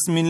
بسم الله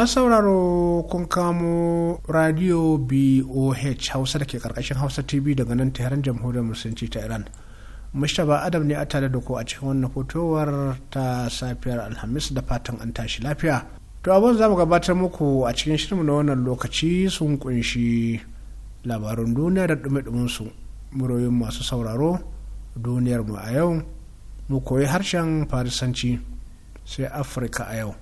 masu sauraro kun kamo radio boh hausa da ke karkashin hausa tv daga nan tehran jamhuriyar musulunci ta iran mustapha adam ne a tare da ku a cikin wannan fotowar ta safiyar alhamis da fatan an tashi lafiya to abin za mu gabatar muku a cikin shirin na wannan lokaci sun kunshi labarun duniya da dume su muroyin masu sauraro duniyar mu a yau mu koyi harshen farisanci sai afirka a yau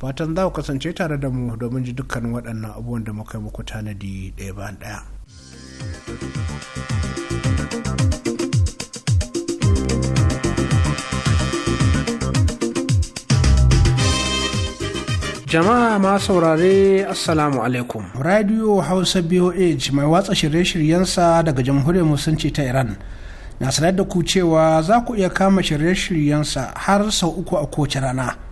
da fatan za ku kasance tare da mu domin ji dukkan waɗannan abubuwan da muka yi muku tanadi ɗaya bayan ɗaya. jama'a ma saurare assalamu alaikum radio hausa boh mai watsa shirye-shiryensa daga jamhuriyar musulunci ta iran na sanar da ku cewa za ku iya kama shirye-shiryensa har sau uku a kowace rana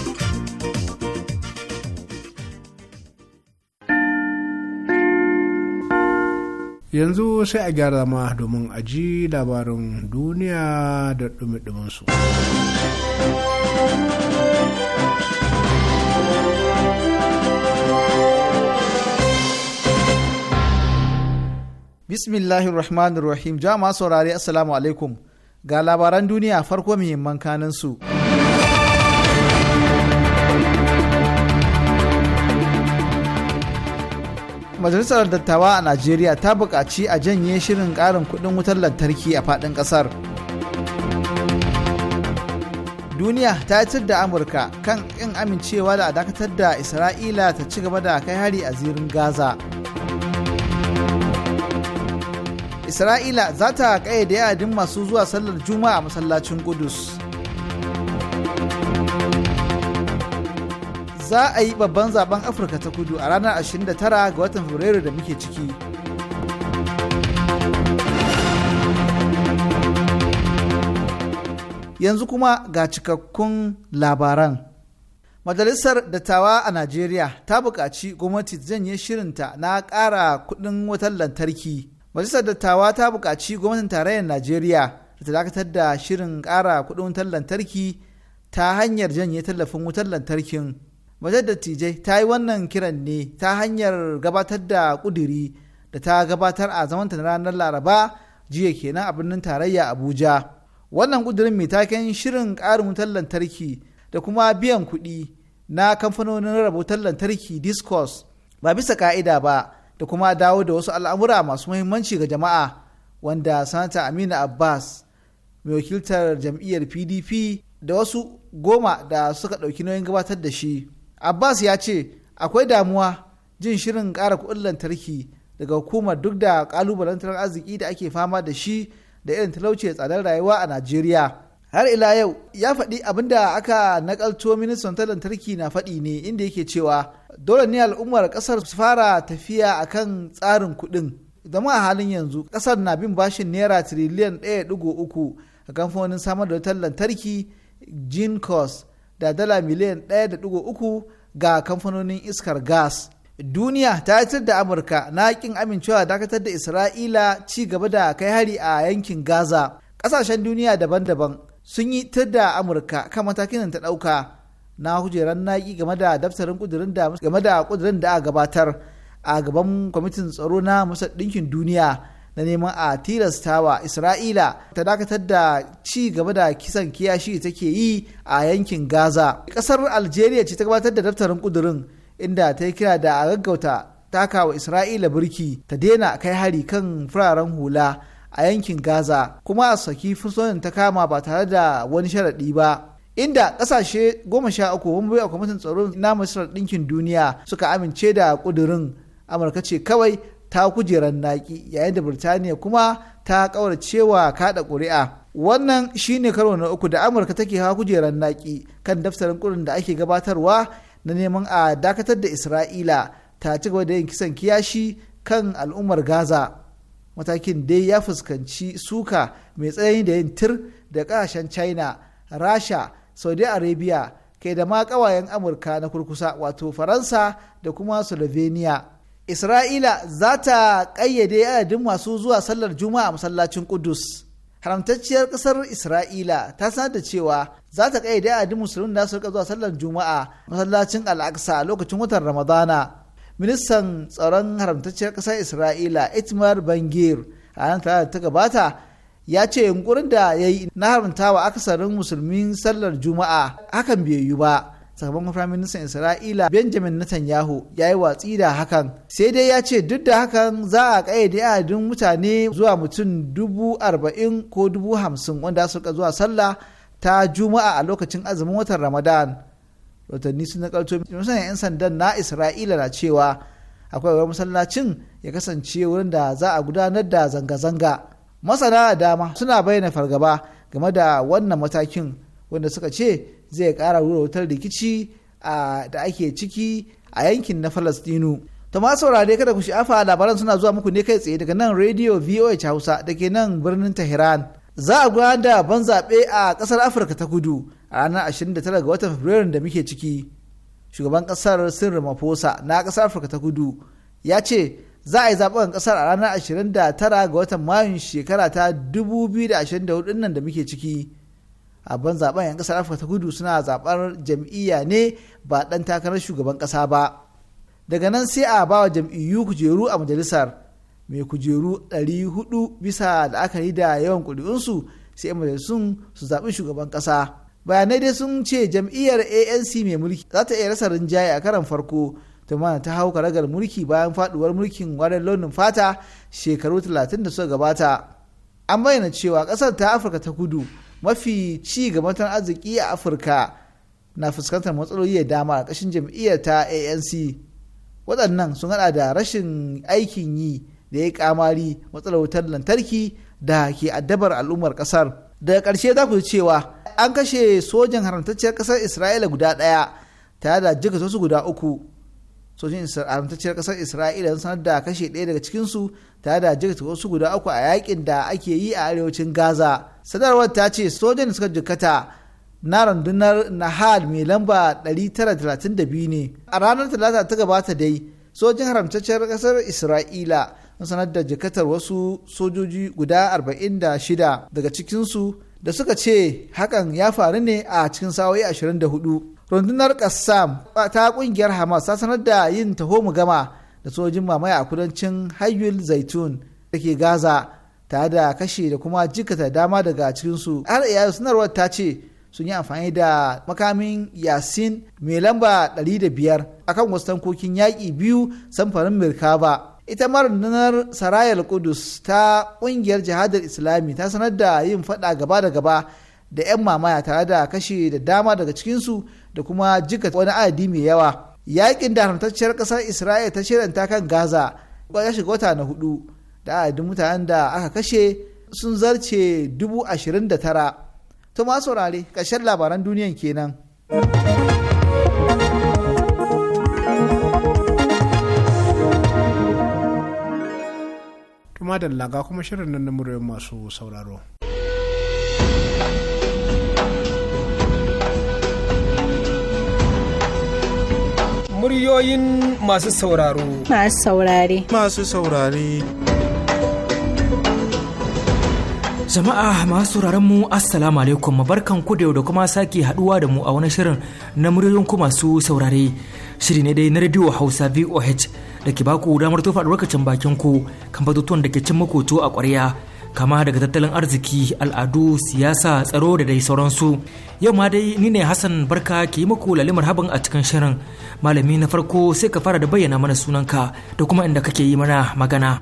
yanzu sai a gyara ma domin a ji labarin duniya da dumi su bismillahir rahmanir rahim jama'a saurari assalamu alaikum ga labaran duniya farko muhimman kanin su. majalisar dattawa a najeriya ta buƙaci a janye shirin ƙarin kuɗin wutar lantarki a faɗin ƙasar duniya ta yi da amurka kan ƙin amincewa da a dakatar da isra'ila ta ci gaba da kai hari a zirin gaza isra'ila za ta ƙayyade yadin masu zuwa sallar juma'a a masallacin kudus za a yi babban zaben afirka ta kudu a ranar 29 ga watan fabrairu da muke ciki yanzu kuma ga cikakkun labaran majalisar dattawa a najeriya ta buƙaci gwamnati janye shirinta na ƙara kuɗin wutar lantarki majalisar dattawa ta buƙaci gwamnatin tarayyar najeriya da ta dakatar da shirin ƙara kuɗin wutar lantarki ta hanyar janye tallafin wutar lantarkin Majar dattijai ta yi wannan kiran ne ta hanyar gabatar da ƙudiri da ta gabatar a zamanta na ranar Laraba jiya kenan a birnin tarayya Abuja. Wannan ƙudirin mai taken shirin ƙarin wutar lantarki da kuma biyan kuɗi na kamfanonin rabotar lantarki Discourse ba bisa ka'ida ba da kuma dawo da wasu al'amura masu muhimmanci ga jama'a wanda sanata Aminu Abbas mai wakiltar jam'iyyar PDP da wasu goma da suka ɗauki nauyin gabatar da shi. abbas ya ce akwai damuwa jin shirin ƙara kuɗin lantarki daga hukumar duk da ƙalubalen tattalin arziki da ake fama da shi da irin talauci da tsadar rayuwa a najeriya har ila yau ya faɗi abin da aka nakalto ministan ta lantarki na faɗi ne inda yake cewa dole ne al'ummar ƙasar su fara tafiya akan tsarin kuɗin zama a halin yanzu ƙasar na bin bashin naira tiriliyan ɗaya ɗigo uku a kamfanonin samar da wutar lantarki cost da dala miliyan 1.3 ga kamfanonin iskar gas. Duniya ta yi da Amurka na kin amincewa dakatar da Isra'ila ci gaba da kai hari a yankin Gaza. Ƙasashen duniya daban-daban sun yi ta da Amurka kan matakin ta ɗauka na kujerar naƙi game da daftarin kudurin da a gabatar a gaban kwamitin tsaro na Masar Ɗinkin Duniya na neman a tilasta wa isra'ila ta dakatar da ci gaba da kisan kiyashi take yi a yankin gaza kasar algeria ce ta gabatar da daftarin kudurin inda ta yi kira da a gaggauta taka wa isra'ila birki ta daina kai hari kan fararen hula a yankin gaza kuma a saki fursunan ta kama ba tare da wani sharaɗi ba inda ƙasashe goma sha uku wani a kwamitin tsaro na masarar ɗinkin duniya suka amince da ƙudurin amurka ce kawai ta kujerar naki yayin da birtaniya kuma ta cewa kada ƙuri'a wannan shine karo na uku da amurka take hawa kujerar naki kan daftarin kurin da ake gabatarwa na neman a dakatar da isra'ila ta ci gaba da yin kisan kiyashi kan al'ummar gaza matakin dai ya fuskanci suka mai tsayi da yin tir da kasashen china rasha saudi arabia kai da ma ƙawayen amurka na kurkusa wato faransa da kuma slovenia isra'ila za ta ƙayyade adadin masu zuwa sallar juma'a a masallacin kudus haramtacciyar ƙasar isra'ila ta sanar da cewa za ta ƙayyade adadin musulmin da su rika zuwa sallar juma'a masallacin a lokacin watan ramadana ministan tsaron haramtacciyar ƙasar isra'ila itmar bangir a nan ta da ta gabata ya ce yunkurin da ya yi na haramtawa akasarin musulmin sallar juma'a hakan bai yiwu ba sakamakon firaministan isra'ila benjamin netanyahu ya yi watsi da hakan sai dai ya ce duk da hakan za a ƙayyade adadin mutane zuwa mutum dubu arba'in ko dubu hamsin wanda suka zuwa sallah ta juma'a a lokacin azumin watan ramadan rotanni sun nakalto musan 'yan sandan na isra'ila na cewa akwai wani masallacin ya kasance wurin da za a gudanar da zanga-zanga masana da dama suna bayyana fargaba game da wannan matakin wanda suka ce zai kara wuri wutar rikici da ake ciki a yankin na falastinu to ma saurare kada ku sha'afa labaran suna zuwa muku ne kai tsaye daga nan radio voh hausa da ke nan birnin tehran za a gudanar da ban zaɓe a ƙasar afirka ta kudu a ranar 29 ga watan fabrairun da muke ciki shugaban ƙasar sirri mafosa na ƙasar afirka ta kudu ya ce za a yi zaɓen ƙasar a ranar 29 ga watan mayun shekara ta 2024 nan da muke ciki a ban zaben yan kasar afirka ta kudu suna zaɓar jam'iyya ne ba ɗan takarar shugaban ƙasa ba daga nan sai a bawa jam'iyyu kujeru a majalisar mai kujeru 400 bisa la'akari da yawan ƙuri'unsu sai majalisun su zaɓi shugaban ƙasa bayanai dai sun ce jam'iyyar anc mai mulki za ta iya rasa rinjaye a karan farko ta mana ta hau karagar mulki bayan faduwar mulkin warin launin fata shekaru 30 da suka gabata an bayyana cewa ƙasar ta afirka ta kudu mafi ci gaban tattalin arziki a afirka na fuskantar matsaloli da dama a ƙashin jam'iyyar ta anc waɗannan sun haɗa da rashin aikin yi da ya kamari matsalar wutar lantarki da ke addabar al'ummar ƙasar daga ƙarshe za ku cewa an kashe sojan haramtacciyar ƙasar isra'ila guda ɗaya tare da jika wasu guda uku sojin haramtacciyar ƙasar isra'ila sun sanar da kashe ɗaya daga cikinsu tare da jika wasu guda uku a yakin da ake yi a arewacin gaza sadarwar ta ce sojan suka jikata na rundunar nahal mai lamba 932 ne a ranar talata ta gabata dai sojin haramtacciyar kasar isra'ila sun sanar da jikatar wasu sojoji guda 46 daga cikinsu da suka ce hakan ya faru ne a cikin sa'o'i 24 rundunar kassam ta kungiyar hamas ta sanar da yin taho mu gama da sojin mamaya a kudancin hayyul zaitun da ke gaza ta da kashe da kuma jikata dama daga cikinsu har iya sanarwar ta ce sun yi amfani da makamin yasin mai lamba 500 akan wasu tankokin yaƙi biyu samfarin mirkaba ita marnar sarayar kudus ta ƙungiyar jihadar islami ta sanar da yin fada gaba da gaba da 'yan mamaya tare da kashe da dama daga cikinsu da kuma jikata wani adadi mai yawa yaƙin da haramtacciyar ƙasar isra'ila ta ta kan gaza ya shiga wata na hudu da adadin mutanen da aka kashe sun zarce dubu ashirin da tara to ma saurare ƙarshen labaran duniyan kenan. kuma da laga kuma shirin nan na muryoyin masu sauraro. Muryoyin masu sauraro. Masu saurare. Masu saurare. Jama'a masu sauraron mu Assalamu alaikum barkan ku da yau da kuma sake haduwa da mu a wani shirin na muryoyin ku masu saurare. Shiri ne dai na Radio Hausa VOH da ke baku damar tofa lokacin bakin ku kan batutuwan da ke cin makoto a ƙwarya kama daga tattalin arziki, al'adu, siyasa, tsaro da dai sauransu. Yau ma dai ni ne Hassan Barka ke yi muku lalimar habin a cikin shirin. Malami na farko sai ka fara da bayyana mana sunanka da kuma inda kake yi mana magana.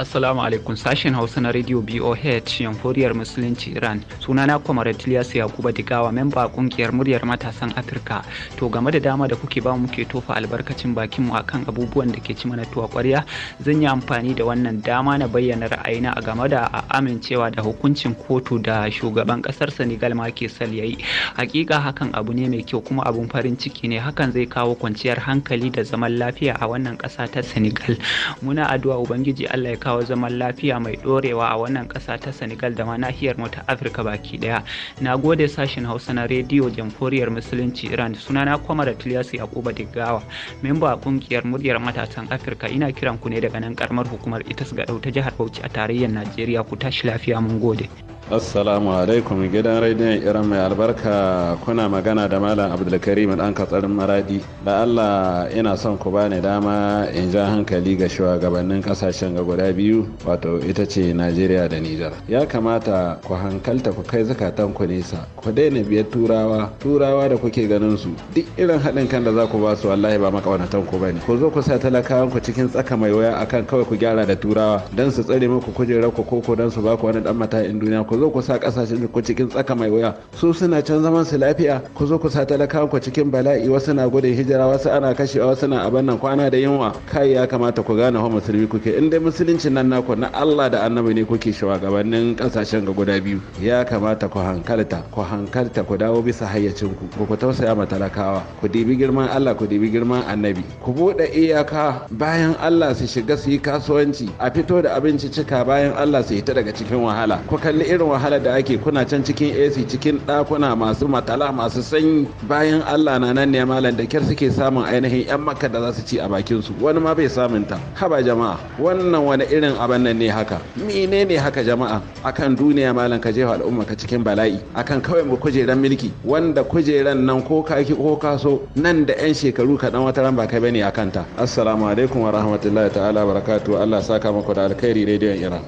Assalamu alaikum sashen Hausa na Radio BOH Yamforiyar Musulunci Iran. Sunana Kwamar Tiliyasu Yakuba Digawa memba kungiyar muryar matasan Afirka. To game da dama da kuke ba mu ke tofa albarkacin bakin mu akan abubuwan da ke ci mana tuwa kwarya, zan yi amfani da wannan dama na bayyana ra'ayina a game da a amincewa da hukuncin kotu da shugaban kasar Senegal Macky Sall yayi. Hakika hakan abu ne mai kyau kuma abun farin ciki ne hakan zai kawo kwanciyar hankali da zaman lafiya a wannan kasa ta Senegal. Muna addu'a Ubangiji Allah ya kawo zaman lafiya mai dorewa a wannan ƙasa ta Senegal da ma nahiyar mu ta Afirka baki ɗaya. Na gode sashen Hausa na rediyo Jamhuriyar Musulunci Iran sunana Kwamar Tiliyasu Yakuba Diggawa memba a kungiyar muryar matasan Afirka ina kiran ku ne daga nan karamar hukumar Itas ga ta jihar Bauchi a tarayyar Najeriya ku tashi lafiya mun gode. Assalamu alaikum gidan rediyon Iran mai albarka kuna magana da Malam Abdulkarim dan katsarin maradi da Allah ina son ku bani dama in ja hankali ga shugabannin kasashen ga guda biyu biyu wato ita ce najeriya da nijar ya kamata ku hankalta ku kai zakatan ku nesa ku daina biyar turawa turawa da kuke ganin su duk irin haɗin kan da za ku ba su wallahi ba makawanatan ku bane ku zo ku sa talakawan ku cikin tsaka mai waya akan kawai ku gyara da turawa dan su tsare muku kujerar ku koko dan su ba ku wani dan mata'in duniya ku zo ku sa kasashen ku cikin tsaka mai waya su suna can zaman su lafiya ku zo ku sa talakawan ku cikin bala'i wasu na gudun hijira wasu ana kashewa wasu na abannan kwana da yunwa kai ya kamata ku gane wa musulmi kuke in dai musulunci hukuncin nan naku na Allah da annabi ne kuke gabanin kasashen ga guda biyu ya kamata ku hankalta ku hankalta ku dawo bisa hayyacin ku ku tausaya ma talakawa ku dibi girman Allah ku dibi girman annabi ku bude iyaka bayan Allah su shiga su yi kasuwanci a fito da abinci cika bayan Allah su hita daga cikin wahala ku kalli irin wahala da ake kuna can cikin AC cikin ɗakuna masu matala masu sanyi bayan Allah na nan ne malam da kyar suke samun ainihin yan makka da za su ci a bakin su wani ma bai samun ta haba jama'a wannan wani irin abin nan ne haka menene haka jama'a akan duniya malam ka jefa al'umma ka cikin bala'i akan kawai mu kujeran mulki wanda kujeran nan ko ka ki ko ka so nan da yan shekaru kaɗan wata ran ba kai bane akan ta assalamu alaikum wa rahmatullahi ta'ala barakatu Allah saka muku da alkhairi rediyon Iran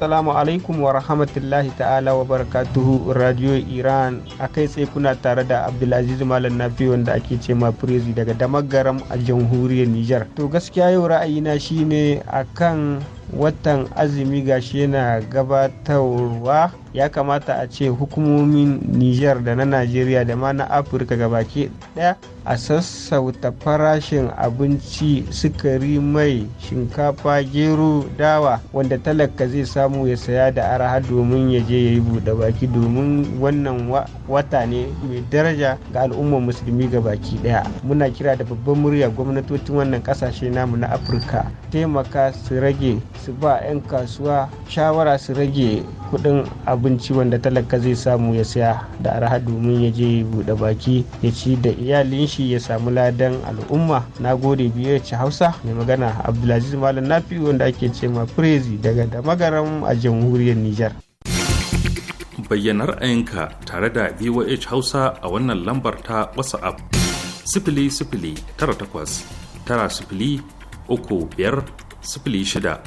assalamu alaikum wa rahmatullahi ta'ala wa barakatuhu radio iran a kai sai kuna tare da abdulaziz malam nafi wanda ake ce ma daga damar garam a jamhuriyar niger to gaskiya yau ra'ayina shine akan watan azumi gashi yana gabatarwa ya kamata a ce hukumomin niger da na najeriya da ma na afirka gabaki daya a sassauta farashin abinci sukari mai shinkafa gero dawa wanda talaka zai samu ya saya da araha domin ya je ya yi buɗe baki domin wannan wata ne mai daraja ga al'ummar musulmi gabaki daya muna kira da babban murya gwamnatocin wannan kasashe namu na afirka taimaka su rage su ba 'yan kasuwa shawara su rage kudin abinci wanda talaka zai samu ya saya da araha domin ya je bude baki ya ci da iyalin shi ya samu ladan al'umma na gode biyu ci hausa mai magana abdulaziz malam nafi wanda ake ce ma prezi daga damagaram a jamhuriyar nijar bayyanar ayinka tare da voh hausa a wannan lambar ta whatsapp tara takwas tara sifili uku biyar sifili shida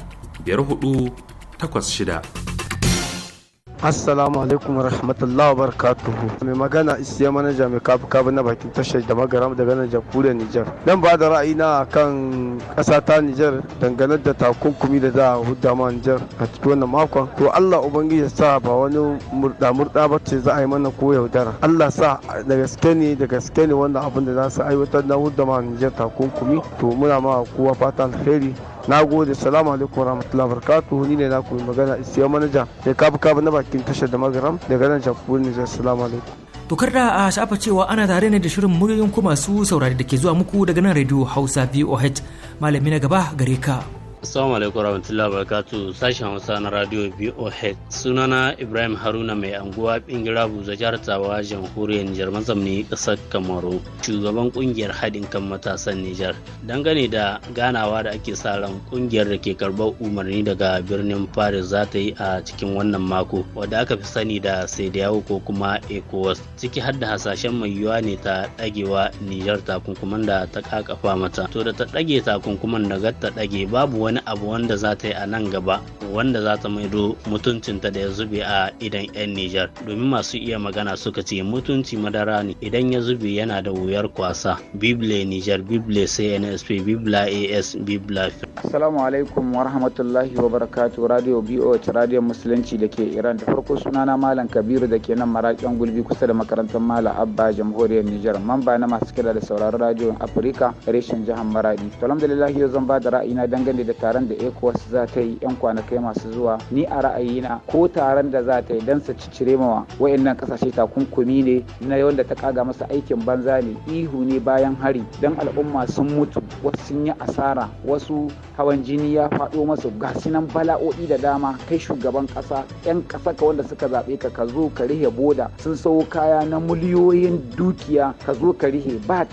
Assalamu alaikum rahmatullah wa barakatuhu. Mai magana isiya manaja mai kafa-kafa na bakin tashar da magaram daga nan jamhuriyar Nijar. Dan ba da ra'ayi na kan kasa ta Nijar dangane da takunkumi da za a huda ma Nijar a cikin wannan makon. To Allah ubangiji sa ba wani murda murda ba ce za a yi mana ko yaudara. Allah sa da gaske ne da gaske ne wannan abin da za su aiwatar na huda ma Nijar takunkumi. To muna ma kowa fatan alheri. na gode salamu alaikum warahmatullahi wabarakatuh ni ne na kuma magana isiyan manaja da kabu kabu na bakin tashar da magaram daga nan jamhuriyar nijar salamu alaikum kar da a shafa cewa ana tare ne da shirin muryoyin ku masu saurari da ke zuwa muku daga nan Radio Hausa VOH. Malami na gaba gare ka. Assalamu alaikum warahmatullahi wabarakatu sashen Hausa na Radio BOH. Sunana Ibrahim Haruna mai anguwa Bingira Buza jihar Tawa jamhuriyar Nijar mazamni kasar Kamaru. Shugaban kungiyar haɗin kan matasan Nijar. Dangane da ganawa da ake sa ran kungiyar da ke karɓar umarni daga birnin Paris za ta yi a cikin wannan mako wadda aka fi sani da Sediyawo ko kuma ECOWAS. Ciki har da hasashen mai yiwuwa ne ta ɗagewa Nijar takunkuman da ta kakafa mata. To da ta ɗage takunkuman da ta ɗage babu wani wani abu wanda za ta yi a nan gaba wanda za ta maido mutuncinta da ya zube a idan 'yan Nijar. Domin masu iya magana suka ce mutunci madara ne idan ya zube yana da wuyar kwasa. Bible Nijar, Bible CNSP, Bibla AS, Bibla Assalamu alaikum wa rahmatullahi wa barakatu Radio BOH Radio Musulunci da ke Iran da farko sunana Malam Kabiru da ke nan maraƙin gulbi kusa da makarantar Malam Abba Jamhuriyar Nijar. Mamba na masu kira da sauraron Radio Afirka reshen jihar Maradi. To alhamdulillah yau zan ba da ra'ayina dangane da taron da ecowas za ta yi yan kwanakai masu zuwa ni a ra'ayina ko taron da za ta yi don su cire mawa wayannan kasashe takunkumi ne na wanda ta kaga masa aikin banza ne ihu ne bayan hari don al'umma sun mutu wasu sun yi asara wasu hawan jini ya faɗo masu gasi nan bala'o'i da dama kai shugaban ƙasa 'yan ƙasa ka wanda suka zaɓe ka ka zo ka rihe boda sun sau kaya na miliyoyin dukiya ka zo ka rihe ba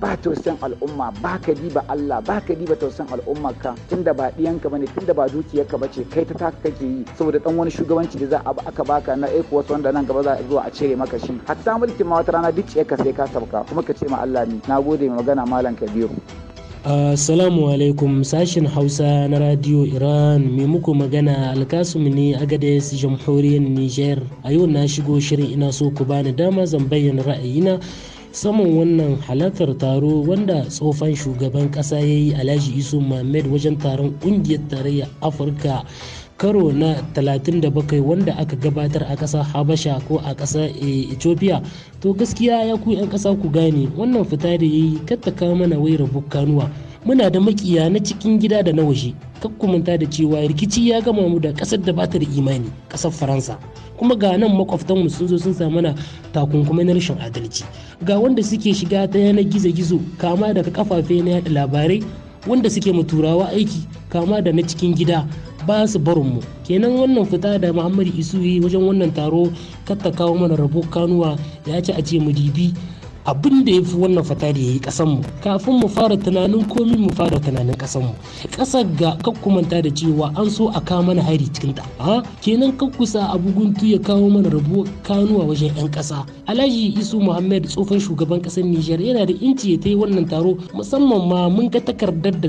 ba tausayin al'umma ba ka diba Allah ba ka diba tausayin al'umma ka tunda ba ɗiyanka bane tunda ba dukiyarka bace kai ta taka kake yi saboda dan wani shugabanci da za a aka baka na aiko wasu wanda nan gaba za a zuwa a cire maka shi hatta mulkin ma wata rana duk ce ka sai ka sabka kuma ka ce ma Allah ni nagode mai magana malam Kabiru Assalamu alaikum sashin Hausa na Radio Iran mai muku magana alkasum ne a su jamhuriyar Niger. A yau na shigo shirin ina so ku bani dama zan bayyana ra'ayina saman wannan halartar taro wanda tsofan shugaban ƙasa ya yi alhaji isu muhammad wajen taron ƙungiyar tarayyar afirka karo na 37 wanda aka gabatar a ƙasar habasha ko a ƙasar eh, ethiopia to gaskiya ya ku 'yan ƙasa ku gane wannan fita da ya yi kattaka mana wai bukkanuwa kanuwa muna da makiya na cikin gida da na waje kumanta da cewa rikici ya gama mu da kasar da bata da imani kasar faransa kuma ga nan makwabtanmu sun zo sun samu na takunkumai na rashin adalci ga wanda suke shiga ta yanar gizo-gizo kama daga kafafe na yada labarai wanda suke mu turawa aiki kama da na cikin gida ba su barin mu. kenan wannan fita da muhammadu isu wajen wannan taro katta kawo mana rabo kanuwa ya ci a ce mu dibi abin da ya fi wannan fata da ya yi ƙasanmu kafin mu fara tunanin komi mu fara tunanin ƙasanmu ƙasar ga kakkumanta da cewa an so a kawo mana hari cikin ta ha kenan kakkusa a guntu ya kawo mana rabuwar kanuwa wajen 'yan ƙasa alhaji isu muhammad tsofan shugaban ƙasar nijar yana da inci ya ta yi wannan taro musamman ma mun ga takardar da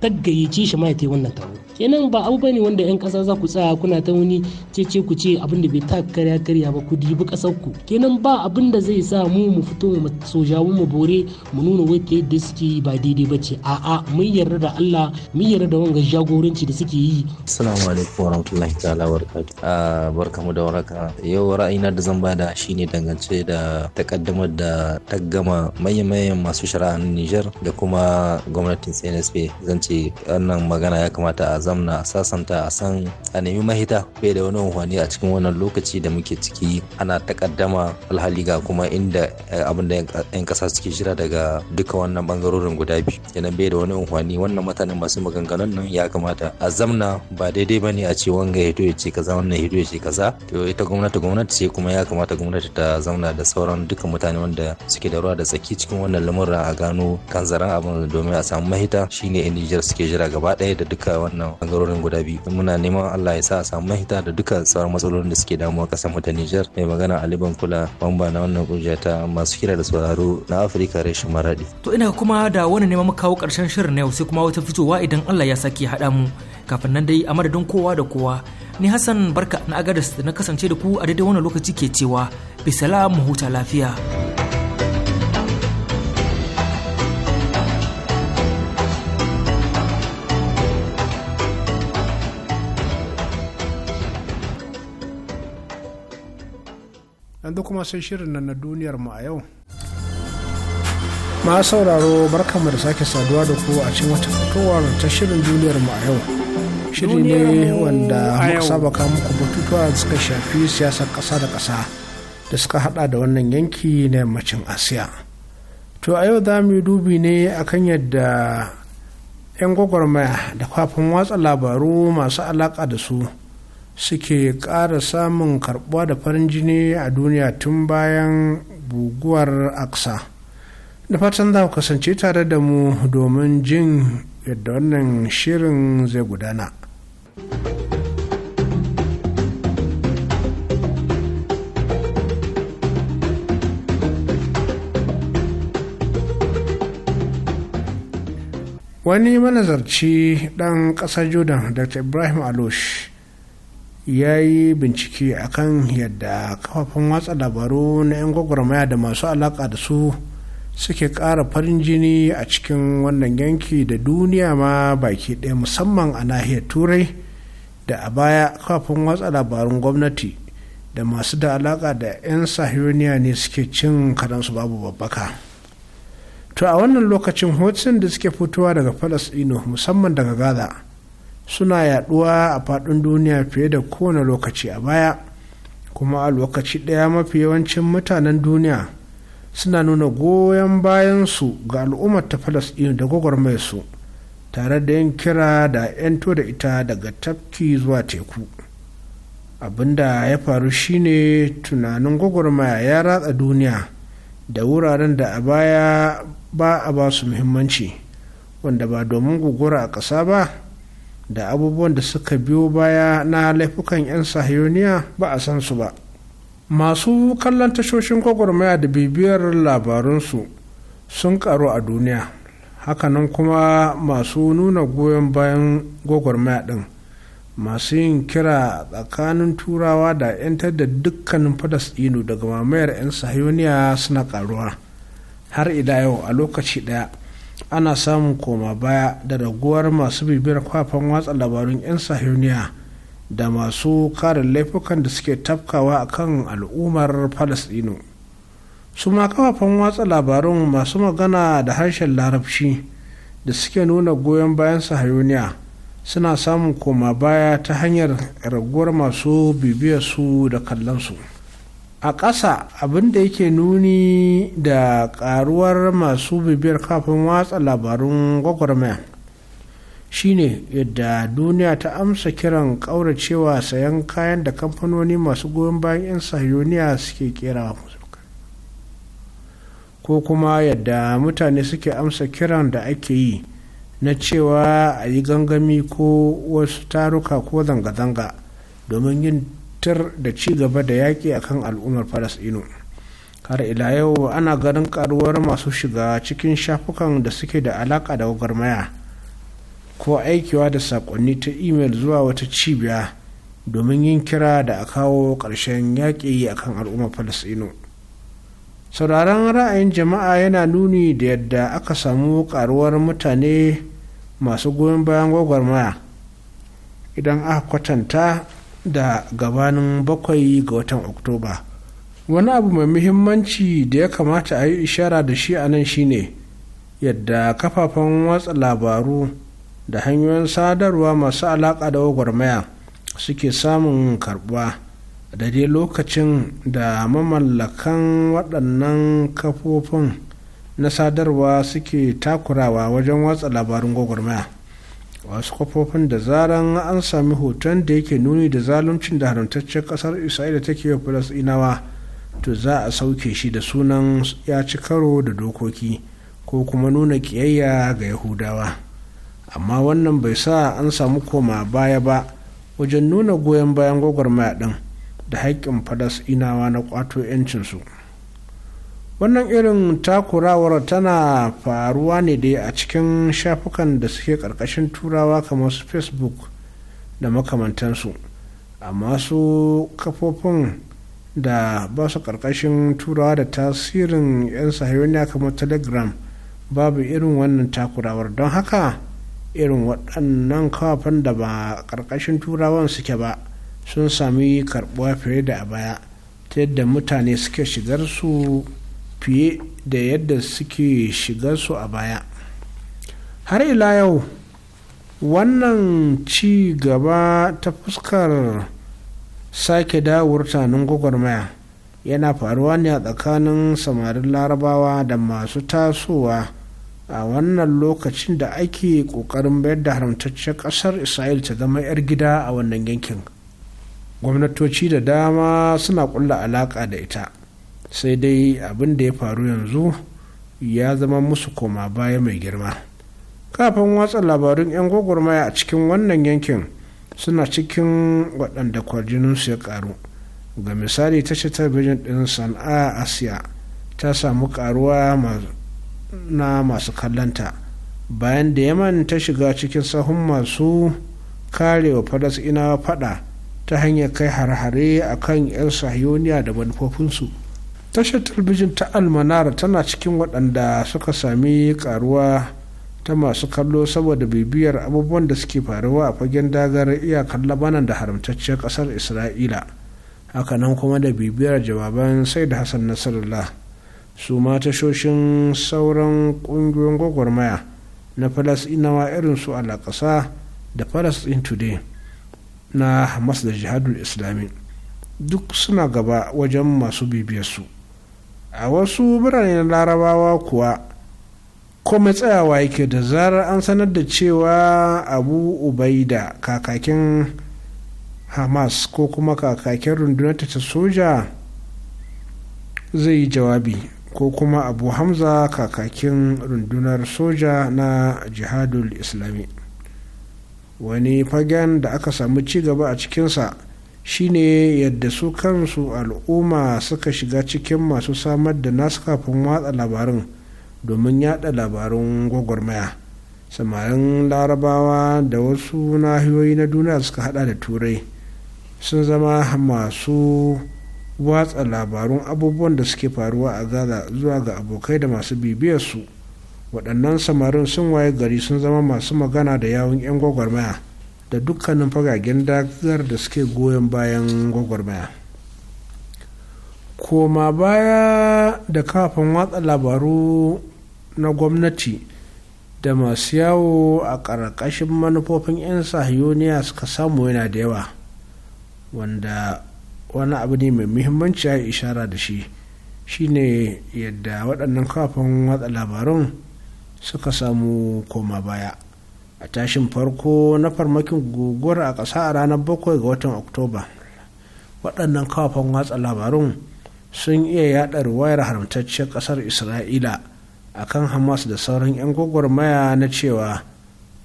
ta gayyace shi ma ya ta yi wannan taro kenan ba abu bane wanda yan kasa za ku tsaya kuna ta wani cece ku ce abin da bai ta karya karya ba ku dibi kasar ku kenan ba abin da zai sa mu mu fito mu sojawun mu bore mu nuna wata yadda suke yi ba daidai ba ce a'a mun yarda da Allah mun yarda da wanga jagoranci da suke yi assalamu alaikum warahmatullahi ta'ala barakatuh ah, barkamu da waraka yau ra'ayina da zan bada shine dangance da takaddamar da ta gama manyan masu shari'a Niger da kuma gwamnatin CNSP zan ce wannan magana ya kamata a zamna sasanta a san a nemi mahita bai da wani wani a cikin wannan lokaci da muke ciki ana takaddama alhali ga kuma inda eh, abin da 'yan kasa suke shira daga duka wannan bangarorin guda biyu yana bai da wani wani wannan mutanen masu maganganun nan ya kamata a zamna ba daidai bane a ce wanga hito ya ce kaza wannan hito ya ce kaza to ita gwamnati gwamnati ce kuma ya kamata gwamnati ta zamna da sauran duka mutane wanda suke da ruwa da tsaki cikin wannan lamura a gano kan zaren abin domin a samu mahita shine in Nijar suke jira gaba ɗaya da duka wannan bangarorin guda biyu muna neman Allah ya sa a samu mahita da duka sauran matsalolin da suke damuwa kasar mu ta Nijar mai magana Ali kula bamba na wannan kungiya ta masu kira da sauraro na Afirka rashin Maradi to ina kuma da wani neman mu kawo karshen shirin na yau sai kuma wata fitowa idan Allah ya sake haɗa mu kafin nan dai a madadin kowa da kowa ni Hassan Barka na agadas da na kasance da ku a daidai wannan lokaci ke cewa bisalam huta lafiya. yanzu kuma sai shirin nan na duniyar mu a yau ma sauraro barkamu da sake saduwa da ku a cikin wata fitowar ta shirin duniyar mu a yau shiri ne wanda muka saba kawo muku batutuwa da suka shafi siyasar ƙasa da ƙasa da suka hada da wannan yanki na yammacin asiya to a yau za mu yi dubi ne akan yadda 'yan gwagwarmaya da kafin watsa labaru masu alaƙa da su suke ƙara samun karɓuwa da farin jini a duniya tun bayan buguwar aksa da fatan za ku kasance tare da mu domin jin yadda wannan shirin zai gudana wani manazarci ɗan ƙasar jordan dr ibrahim alosh ya yi bincike akan yadda kafafen watsa labaru na 'yan gwagwarmaya da masu alaƙa da su suke ƙara farin jini a cikin wannan yanki da duniya ma baki ɗaya musamman a nahiyar turai da a baya kafafen watsa labarun gwamnati da masu da alaƙa da 'yan sahiyoniya ne suke cin karansu babu babbaka to a wannan lokacin hotun da suke fitowa daga falas musamman daga gaza suna yaduwa a faɗin duniya fiye da kowane lokaci a baya kuma a lokaci ɗaya mafi yawancin mutanen duniya suna nuna goyon bayan su ga al'ummar ta Falasɗin da gwagwarmayar su tare da yin kira da 'yanto da ita daga tafki zuwa teku abinda ya faru shine tunanin gwagwarmaya ya ratsa duniya da wuraren da a baya ba a ba su muhimmanci wanda ba domin gugura a ƙasa ba da abubuwan da suka biyo baya na laifukan 'yan sahiyoniya ba a san su ba masu kallon tashoshin gwagwarmaya da bibiyar labarunsu sun karu a duniya hakanan kuma masu nuna goyon bayan gwagwarmaya din masu yin kira tsakanin turawa da 'yantar da dukkanin falasɗinu daga mamayar 'yan sahiyoniya suna karuwa har ila yau a lokaci ɗaya ana samun koma baya da raguwar masu bibiyar kwafan watsa labarun 'yan sahiyoniya da masu kare laifukan da suke tafkawa a kan al'ummar palestino su ma kafafen watsa labarun masu magana da harshen larabci da suke nuna goyon bayan sahayoniya suna samun koma baya ta hanyar raguwar masu su da kallonsu. su a ƙasa abin da yake nuni da ƙaruwar masu bibiyar kafin watsa labarun gwagwarmaya shine yadda duniya ta amsa kiran ƙauracewa sayan kayan da kamfanoni masu goyon bayan 'yan sahiyoniya suke kera ko kuma yadda mutane suke amsa kiran da ake yi na cewa a yi gangami ko wasu taruka ko zanga-zanga domin yin fitar da ci gaba da yaƙi akan al'ummar falasɗinu har ila yau ana ganin karuwar masu shiga cikin shafukan da suke da alaƙa da gwagwarmaya ko aikiwa da saƙonni ta imel zuwa wata cibiya domin yin kira da a kawo ƙarshen yaƙi akan al'ummar falasɗinu sauraron ra'ayin jama'a yana nuni da yadda aka samu karuwar mutane masu goyon bayan gwagwarmaya idan aka kwatanta da gabanin bakwai ga watan oktoba wani abu mai muhimmanci da ya kamata a yi ishara da shi a nan shine yadda kafafen watsa labaru da hanyoyin sadarwa masu alaƙa da gwagwarmaya suke samun karbuwa da dai lokacin da mamallakan waɗannan kafofin na sadarwa suke takurawa wajen watsa labarun gwagwarmaya wasu kafofin da zaran an sami hoton da yake nuni da zaluncin da haramtaccen kasar isra'ila take wa falasɗinawa to za a sauke shi da sunan ya ci karo da dokoki ko kuma nuna kiyayya ga yahudawa amma wannan bai sa an samu koma baya ba wajen nuna goyon bayan gwagwarmaya din da haƙƙin falasɗinawa na ƙwato 'yancinsu. wannan irin takurawar tana faruwa ne dai a cikin shafukan da suke karkashin turawa kamar su facebook da makamantansu amma su kafofin da ba su karkashin turawa da tasirin 'yan sahiyoniya kamar telegram babu irin wannan takurawar don haka irin waɗannan kawafan da ba karkashin turawan suke ba sun sami karɓuwa fiye da a baya ta yadda mutane suke shigar su fiye da yadda suke su a baya har ila yau wannan ci gaba ta fuskar sake dawowar tanin gwagwarmaya yana faruwa ne a tsakanin samarin larabawa da masu tasowa a wannan lokacin da ake ƙoƙarin bayar da haramtaccen ƙasar isra'il ta zama 'yar gida a wannan yankin gwamnatoci da dama suna ƙulla alaƙa da ita sai dai abin da ya faru yanzu ya zama musu koma baya mai girma kafin watsa labarun 'yan gwagwarmaya a cikin wannan yankin suna cikin waɗanda kwarjininsu ya karu ga misali tashar talabijin ɗin sana'a a asiya ta samu karuwa na masu kallanta bayan da yaman ta shiga cikin sahun masu karewa falasɗinawa fada ta hanyar kai har-hare a kan 'yan sahiyoniya da manufofinsu tashar talbijin ta almanara tana cikin waɗanda suka sami karuwa ta masu kallo saboda bibiyar abubuwan da suke faruwa a fagen dagar iyakar labanan da haramtacciyar ƙasar isra'ila hakanan kuma da bibiyar jawaban sai da hassan nasarallah su ma tashoshin sauran ƙungiyoyin gwagwarmaya na falasɗinawa irin su alaƙasa da falasɗin today na hamas da jihadul islami duk suna gaba wajen masu bibiyarsu su a wasu biranen larabawa kuwa komai tsayawa yake da zarar an sanar da cewa abu ubaida kakakin hamas ko kuma kakakin rundunar ta soja zai yi jawabi ko kuma abu hamza kakakin rundunar soja na jihadul islami wani fagen da aka samu ci gaba a cikinsa shine yadda su kansu al'umma suka shiga cikin masu samar da nasu kafin watsa labarin domin yada labarin gwagwarmaya samarin larabawa da wasu nahiyoyi na duniya suka hada da turai sun zama masu watsa labarun abubuwan da suke faruwa a gaza zuwa ga abokai da masu bibiyarsu waɗannan samarin sun waye gari sun zama masu magana da yawon 'yan gwagwarmaya da dukkanin fagagen dagar da suke goyon bayan gwagwarmaya koma baya da kafin watsa labaru na gwamnati da masu yawo a ƙarƙashin manufofin 'yan sahiyoniya suka samu yana da yawa wanda wani abu ne mai muhimmanci a ishara da shi shine yadda waɗannan kafin watsa labarun suka samu koma baya a tashin farko na farmakin guguwar a ƙasa a ranar 7 ga watan oktoba waɗannan kafafen watsa labarun sun iya yaɗa ruwayar haramtacciyar ƙasar isra'ila a kan hamas da sauran 'yan gwagwarmaya na cewa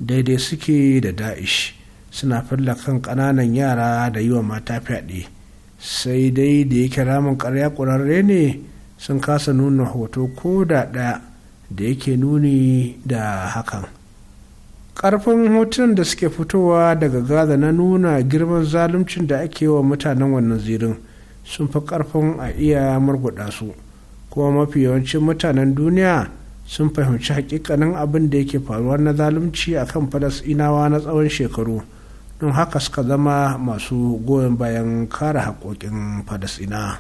daidai suke da da'ish suna filla kan ƙananan yara da yi wa mata fyaɗe sai dai da yake ramin ƙarya ƙurarre ne sun kasa nuna hoto ko da ɗaya da yake nuni da hakan karfin hotunan da suke fitowa daga gaza na nuna girman zaluncin da ake wa mutanen wannan zirin sun fi karfin a iya murguda su kuma mafi yawancin mutanen duniya sun fahimci hakikanin abin da yake faruwa na zalunci a kan inawa na tsawon shekaru don haka suka zama masu goyon bayan kare haƙoƙin ina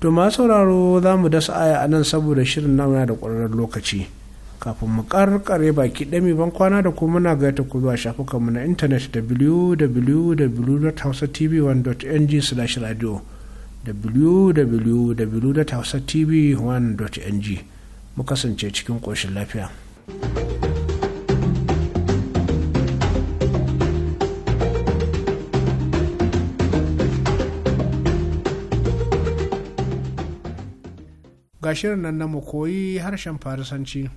to masu sauraro za mu dasa aya a nan saboda shirin nauna da ƙwararren lokaci kafin mu karkare baki ɗami ban kwana da kuma muna gaita ku zuwa shafukanmu na intanet www.hausatv1.ng slash radio www.hausatv1.ng mu kasance cikin ƙoshin lafiya. ga shirin nan na mu koyi harshen farisanci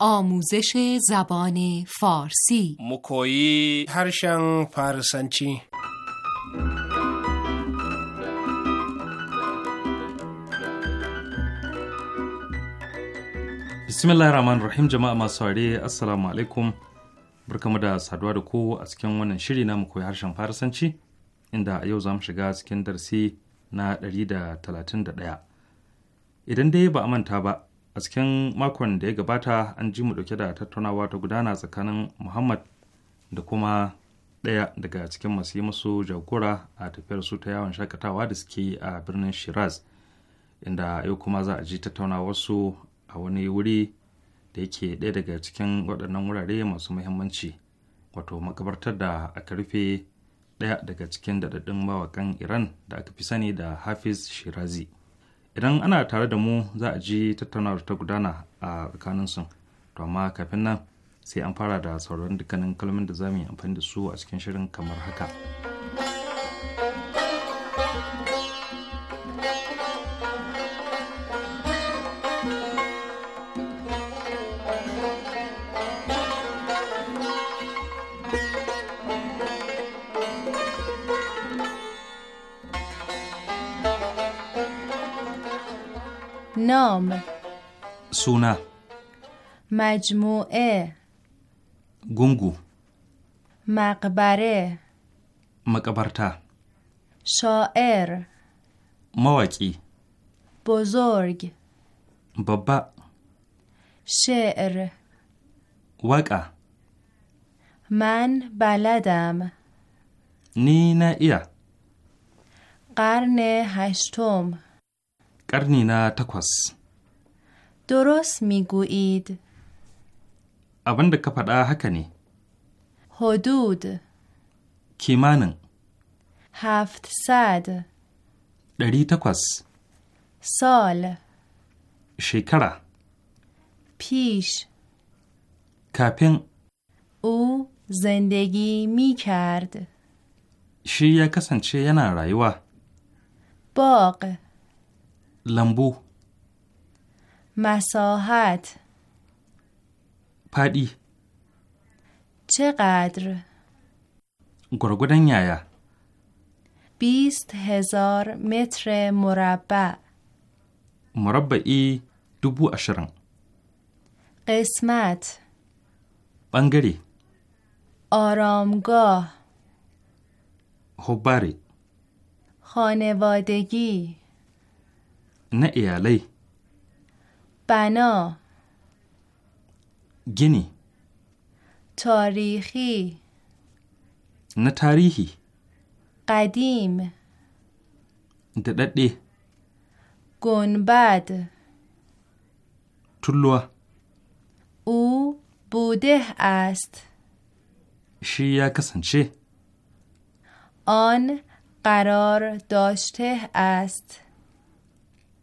آموزش زبان فارسی مکویی هرشن فارسنچی bismillah rahman rahim jama'a masu ware assalamu alaikum barkamu da saduwa da ku a cikin wannan shiri na koyi harshen farisanci inda a yau za mu shiga cikin darsi na 131 idan dai ba a manta ba a cikin makon da ya gabata an ji mu dauke da tattaunawa ta gudana tsakanin muhammad da kuma ɗaya daga cikin masu yi musu jagora a tafiyar su ta yawon shakatawa da suke yi a birnin shiraz inda yau kuma za a ji tattaunawarsu a wani wuri da yake ɗaya daga cikin waɗannan wurare masu muhimmanci wato makabartar da aka rufe ɗaya daga cikin daɗaɗɗun mawaƙan iran da aka fi sani da hafiz shirazi idan ana tare da mu za a ji tattaunawar ta gudana a tsakaninsu to amma kafin nan sai an fara da sauran dukkanin kalmomin da za mu yi amfani da su a cikin shirin kamar haka. نام سونا مجموعه گونگو مقبره مقبرتا شاعر موکی بزرگ بابا شعر وقع من بلدم نینا ایا قرن هشتم ƙarni na takwas. Doros miguid. Abin da ka faɗa haka ne. Hodud. Kimanin. Haft sad. Ɗari takwas. Sol. Shekara. Pish. Kafin. U, زندگی می Shi ya kasance yana rayuwa. Bog. لمبو مساحت پدی چقدر گرگودن یایا بیست هزار متر مربع مربعی دوبو اشرن قسمت بنگری آرامگاه خبری خانوادگی نه ایالی بنا گینی تاریخی نه تاریخی قدیم دددی گنبد تلوه او بوده است شی یا آن قرار داشته است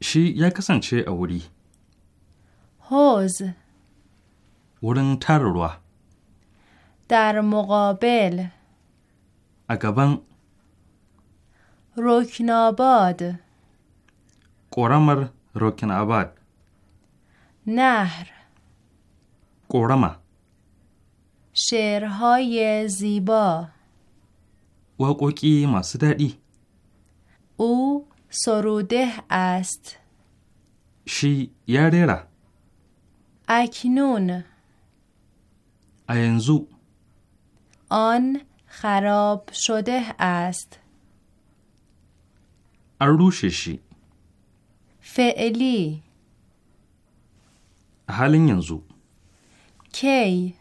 shi ya kasance a wuri. Hoz. Wurin tara ruwa. در a gaban رکناباد ƙoramar رکناباد نهر ƙorama شعرهای زیبا waƙoƙi masu daɗi او سروده است شی یا اکنون اینزو آن خراب شده است اروششی فعلی حال ینزو کی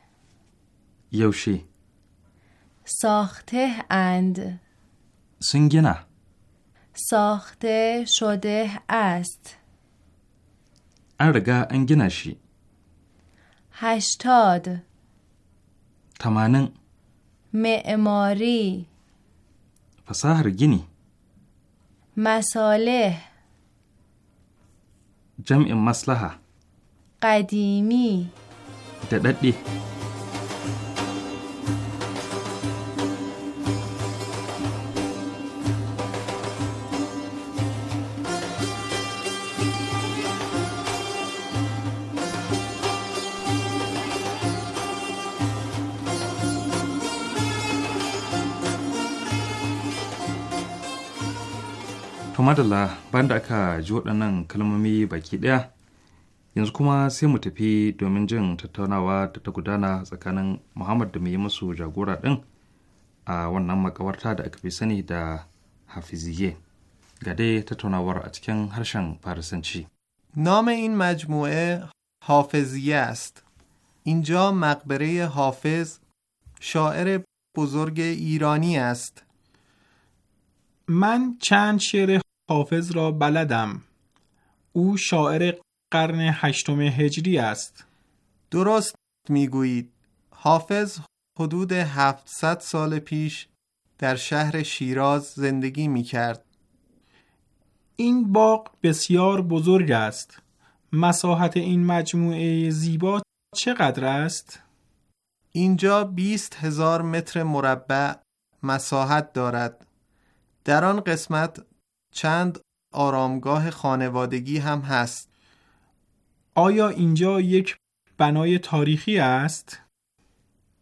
یوشی ساخته اند سنگنه ساخته شده است ارگا انگنشی هشتاد تمانن معماری فساهر گینی مساله جمع مسلحه قدیمی دددی kuma banda bayan da aka ji waɗannan kalmomi baki ɗaya yanzu kuma sai mu tafi domin jin tattaunawa da ta gudana tsakanin muhammad da yi masu jagora ɗin a wannan makawarta da aka fi sani da hafiziye ga dai tattaunawar a cikin harshen farisanci in این مجموعه حافظیه است. اینجا مقبره حافظ شاعر بزرگ ایرانی است. من چند شعر حافظ را بلدم او شاعر قرن هشتم هجری است درست میگویید حافظ حدود 700 سال پیش در شهر شیراز زندگی می کرد. این باغ بسیار بزرگ است. مساحت این مجموعه زیبا چقدر است؟ اینجا بیست هزار متر مربع مساحت دارد. در آن قسمت چند آرامگاه خانوادگی هم هست آیا اینجا یک بنای تاریخی است؟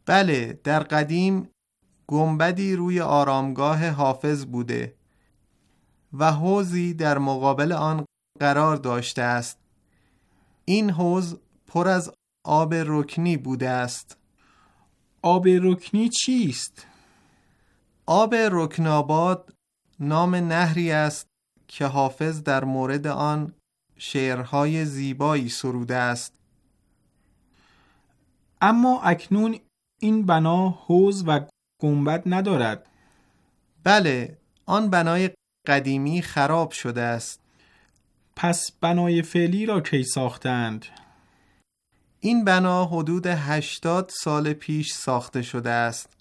بله در قدیم گنبدی روی آرامگاه حافظ بوده و حوزی در مقابل آن قرار داشته است این حوز پر از آب رکنی بوده است آب رکنی چیست؟ آب رکناباد نام نهری است که حافظ در مورد آن شعرهای زیبایی سروده است اما اکنون این بنا حوز و گنبد ندارد بله آن بنای قدیمی خراب شده است پس بنای فعلی را کی ساختند؟ این بنا حدود هشتاد سال پیش ساخته شده است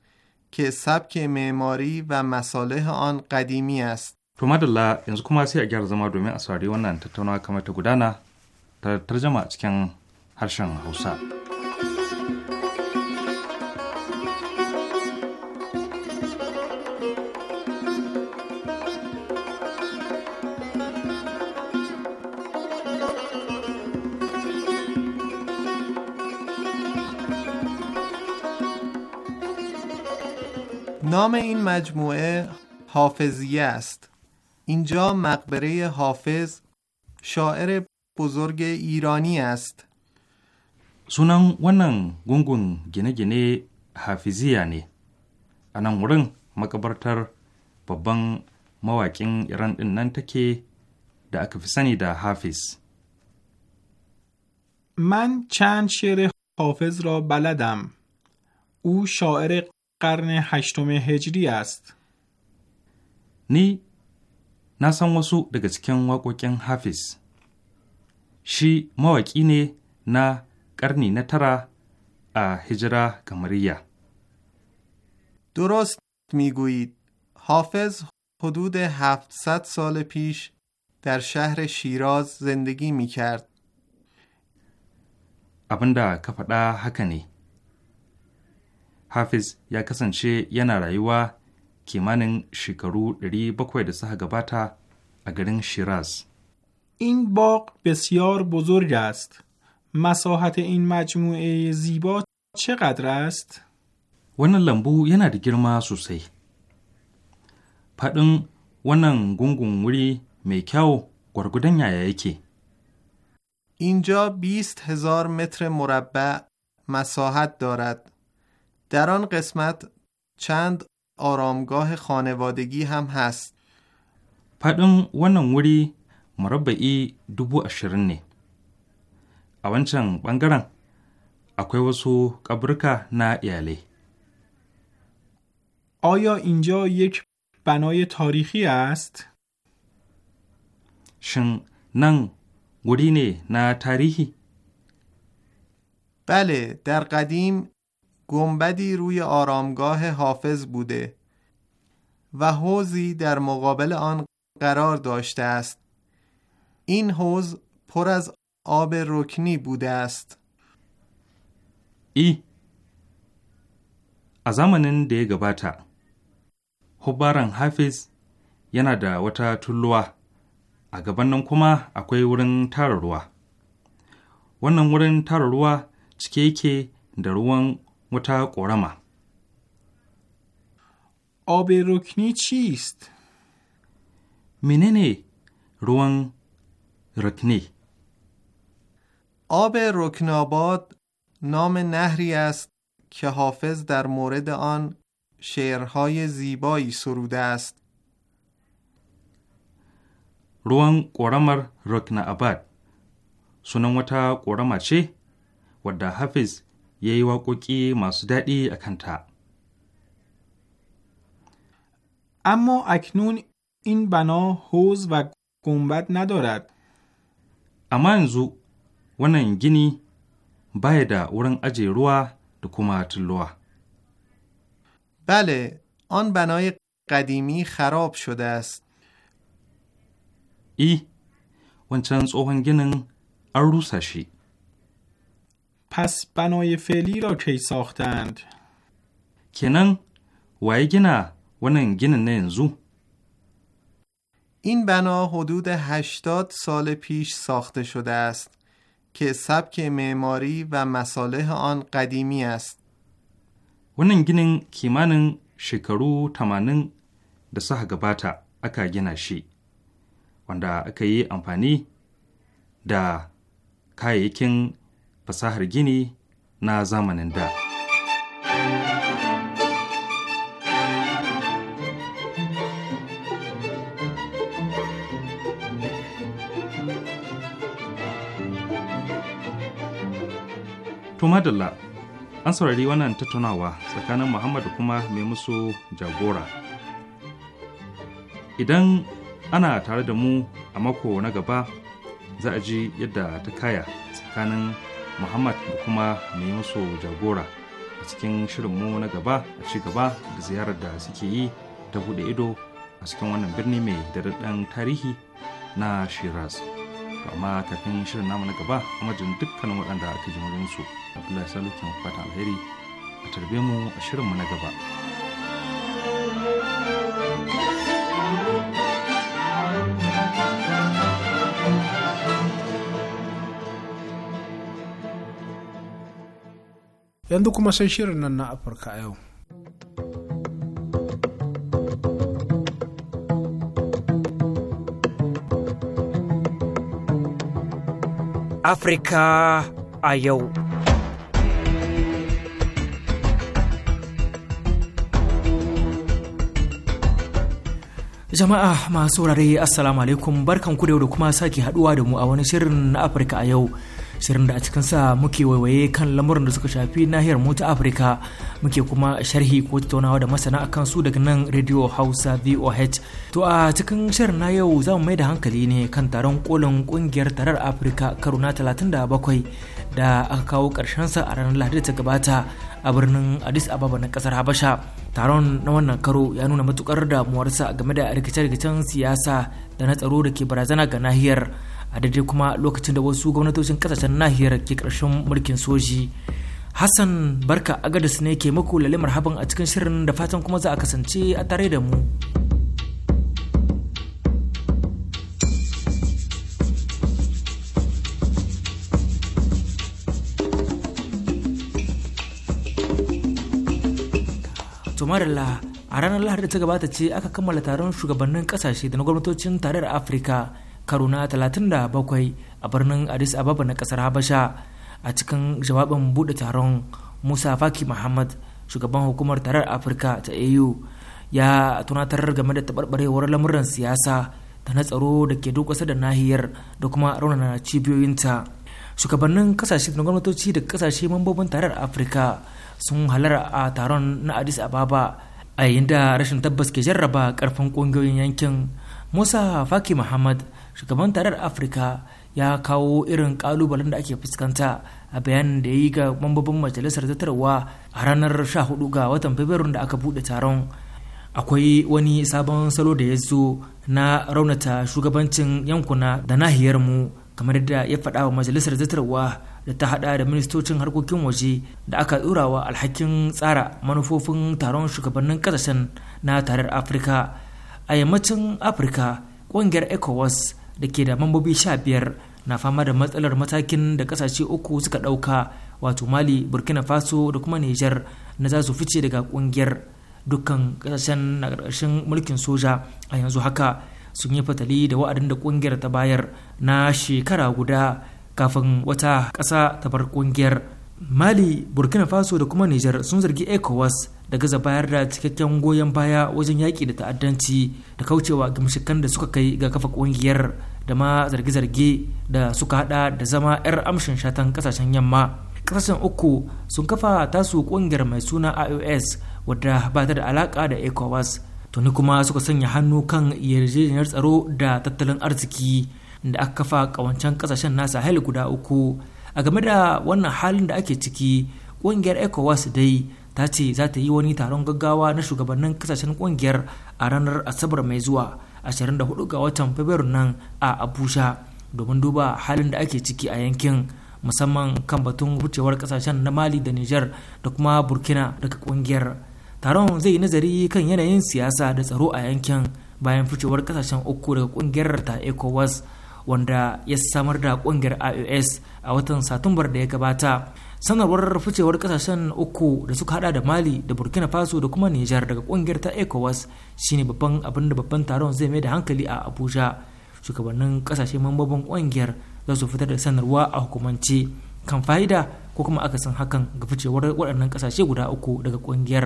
که سبک معماری و مصالح آن قدیمی است. To madalla yanzu kuma sai a gyara zama domin a saurari wannan tattaunawa kamar ta gudana ta tarjama a cikin harshen Hausa. نام این مجموعه حافظیه است اینجا مقبره حافظ شاعر بزرگ ایرانی است سونان ونن گونگون گنه گنه حافظی نی انان ورن مقبرتر ببن مواکین ایران این ننتکی دا اکفسانی دا حافظ من چند شعر حافظ را بلدم او شاعر قرن هشتم هجری است. نی ناسان واسو دگه چکن واقو کن حافظ. شی موک اینه نا قرنی نترا ا هجرا گمریا. درست میگویید. حافظ حدود 700 سال پیش در شهر شیراز زندگی میکرد. ابنده کفتا حکنی. Hafiz ya kasance yana rayuwa kimanin shekaru 700 da suka gabata a garin Shiraz. In باغ besiyar بزرگ است. Masahat in majmu'e zibo ce است؟ wannan lambu yana da girma sosai. Faɗin wannan gungun wuri mai kyau gwargudan yaya yake. اینجا 20 هزار متر مربع مساحت در آن قسمت چند آرامگاه خانوادگی هم هست فدن ونن وری مربعی دوبو اشرن نه اوانچن بانگران؟ اکوی وسو قبرکا نا آیا اینجا یک بنای تاریخی است؟ شن نن گرینه نه تاریخی بله در قدیم گنبدی روی آرامگاه حافظ بوده و حوزی در مقابل آن قرار داشته است این حوز پر از آب رکنی بوده است ای a zamanin da ya gabata hubbaran hafiz yana da wata tulluwa a gaban nan kuma akwai wurin tara ruwa wannan wurin tara ruwa cike wata ƙorama. آب رکنی چیست؟ مننه روان رکنی آب رکناباد نام نهری است که حافظ در مورد آن شعرهای زیبایی سروده است. روان قرمر رکن آباد سنن وتا قرما چه ودا حافظ ya yi waƙoƙi masu daɗi a kanta. Amma aknun in bano hoz va kumbat nadorat. Amma yanzu wannan gini baya da wurin ajiye ruwa da kuma tulluwa. Bale, on banai ƙadimi harab shuda I, wancan tsohon ginin an rusa shi. پس بنای فعلی را کی ساختند؟ کنن وای گنا ونن گینن نه این بنا حدود 80 سال پیش ساخته شده است که سبک معماری و مصالح آن قدیمی است. ونن گینن کیمانن شکرو تمانن da suka gabata aka gina shi wanda aka yi amfani da fasahar gini na zamanin da. Tumadalla an saurari wannan tattaunawa tsakanin Muhammad kuma mai musu jagora. Idan ana tare da mu a mako na gaba za a ji yadda ta kaya tsakanin muhammad da kuma mai musu jagora a cikin shirinmu na gaba a ci gaba da ziyarar da suke yi ta buɗe ido a cikin wannan birni mai daɗaɗɗen tarihi na shiraz to amma kafin shirin namu na gaba a madadin dukkanin waɗanda aka ji murinsu abdullahi salukin fatan alheri a tarbe mu a shirinmu na gaba. yanzu kuma sai shirin nan na afirka yau Afirka a yau. Jama'a masu wurare Assalamu alaikum barkan ku da da kuma sake haduwa da mu a wani shirin na Afirka a yau. shirin da a cikin sa muke waiwaye kan lamurin da suka shafi nahiyar mu ta afirka muke kuma sharhi ko tattaunawa da masana a su daga nan radio hausa voh to a cikin shirin na yau za mu mai da hankali ne kan taron kolin kungiyar tarar afirka karo na talatin da bakwai da aka kawo karshen sa a ranar lahadi ta gabata a birnin adis ababa na kasar habasha taron na wannan karo ya nuna matukar damuwarsa game da rikice-rikicen siyasa da na tsaro da ke barazana ga nahiyar a daidai kuma lokacin da wasu gwamnatocin kasashen nahiyar ke karshen mulkin soji hassan barka agadis ne ke muku lalimar haban a cikin shirin da fatan kuma za a kasance a tare da mu tumarila a ranar lahadi da ta gabata ce aka kammala taron shugabannin kasashe da na gwamnatocin tarayyar afirka karo na 37 a birnin addis ababa na kasar habasha a cikin jawabin bude taron musa faki muhammad shugaban hukumar tarar afirka ta au ya tunatar game da tabarbarewar lamuran siyasa ta na tsaro da ke duk da nahiyar da kuma raunana cibiyoyinta shugabannin kasashe da gwamnatoci da kasashe mambobin tarar afirka sun halar a taron na addis ababa a yayin da rashin tabbas ke jarraba karfin ƙungiyoyin yankin musa faki muhammad shugaban tarar afirka ya kawo irin kalubalen da ake fuskanta a bayanin da ya yi ga mambobin majalisar zatarwa a ranar 14 ga watan fabrairu da aka bude taron akwai wani sabon salo da ya zo na raunata shugabancin yankuna da nahiyar mu kamar da ya faɗa wa majalisar zatarwa da ta haɗa da ministocin harkokin waje da aka tsurawa alhakin tsara manufofin taron shugabannin kasashen na tarar afirka a yammacin afirka ƙungiyar ecowas da ke da mambobi sha biyar na fama da matsalar matakin da kasashe uku suka ɗauka wato mali burkina faso da kuma niger na za su fice daga kungiyar dukkan kasashen na mulkin soja a yanzu haka sun yi fatali da wa'adin da kungiyar ta bayar na shekara guda kafin wata ƙasa ta bar kungiyar. mali burkina faso da kuma niger sun zargi ecowas da gaza bayar da cikakken goyon baya wajen yaƙi da ta'addanci da kaucewa gamshikan da suka kai ga kafa ƙungiyar da ma zarge-zarge da suka hada da zama 'yar amshin shatan kasashen yamma kasashen uku sun kafa tasu kungiyar mai suna ios wadda ba ta da alaka da ecowas tuni kuma suka sanya hannu kan yarjejeniyar tsaro da tattalin arziki da aka kafa kawancen kasashen nasa sahel guda uku a game da wannan halin da ake ciki kungiyar ecowas dai ta ce za ta yi wani taron gaggawa na shugabannin kasashen kungiyar a ranar asabar mai zuwa 24 ga watan fabrairu nan a abuja domin duba halin da ake ciki a yankin musamman kan batun wucewar kasashen na mali da niger da kuma burkina daga kungiyar taron zai yi nazari kan yanayin siyasa da tsaro a yankin bayan ficewar kasashen uku daga kungiyar ta ecowas wanda ya samar da kungiyar ios a watan satumbar da ya gabata sanarwar ficewar kasashen uku da suka hada da mali da burkina faso da kuma nijar daga kungiyar ta ecowas shine babban abin da babban taron zai mai da hankali a abuja shugabannin kasashe mambobin kungiyar za su fitar da sanarwa a hukumance kan fa'ida ko kuma san hakan ga ficewar waɗannan kasashe guda uku daga kungiyar